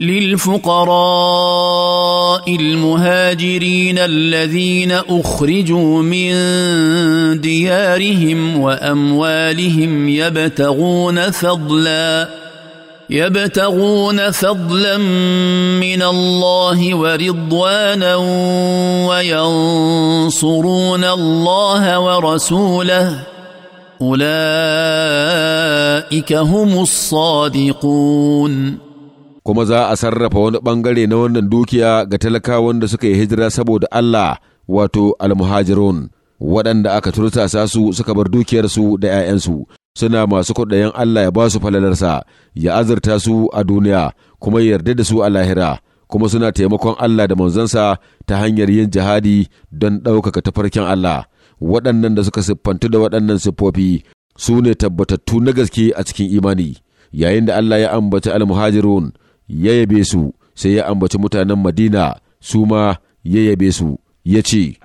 للفقراء المهاجرين الذين اخرجوا من ديارهم واموالهم يبتغون فضلا يبتغون فضلا من الله ورضوانا وينصرون الله ورسوله اولئك هم الصادقون kuma za a sarrafa wani bangare na wannan dukiya ga talakawan da suka yi hijira saboda Allah wato almuhajirun waɗanda aka tursasa su suka bar dukiyarsu da 'ya'yansu suna masu kuɗayen Allah ya ba su falalarsa ya azurta su a duniya kuma yarda da su a lahira kuma suna taimakon Allah da manzansa ta hanyar yin jihadi don ɗaukaka tafarkin Allah waɗannan da suka siffantu da waɗannan siffofi su ne tabbatattu na gaske a cikin imani yayin da Allah ya ambaci almuhajirun ya yabe su sai ya ambaci mutanen Madina su ma ya yabe su ya ce